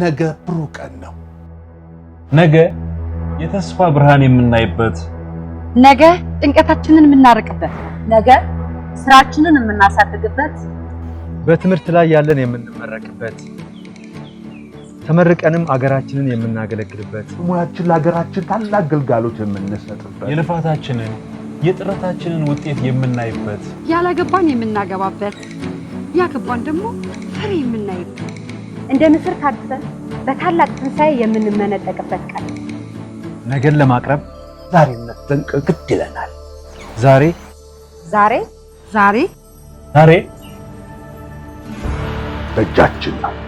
ነገ ብሩህ ቀን ነው። ነገ የተስፋ ብርሃን የምናይበት፣ ነገ ጭንቀታችንን የምናርቅበት፣ ነገ ስራችንን የምናሳድግበት፣ በትምህርት ላይ ያለን የምንመረቅበት፣ ተመርቀንም አገራችንን የምናገለግልበት፣ ሙያችን ለሀገራችን ታላቅ ግልጋሎት የምንሰጥበት፣ የልፋታችንን የጥረታችንን ውጤት የምናይበት፣ ያላገባን የምናገባበት፣ ያገባን ደግሞ ፍሬ የምናይበት እንደ ንስር ታድሰን በታላቅ ትንሣኤ የምንመነጠቅበት ቀን ነገን ለማቅረብ ዛሬ መጠንቀቅ ግድ ይለናል። ዛሬ ዛሬ ዛሬ ዛሬ በእጃችን ነው።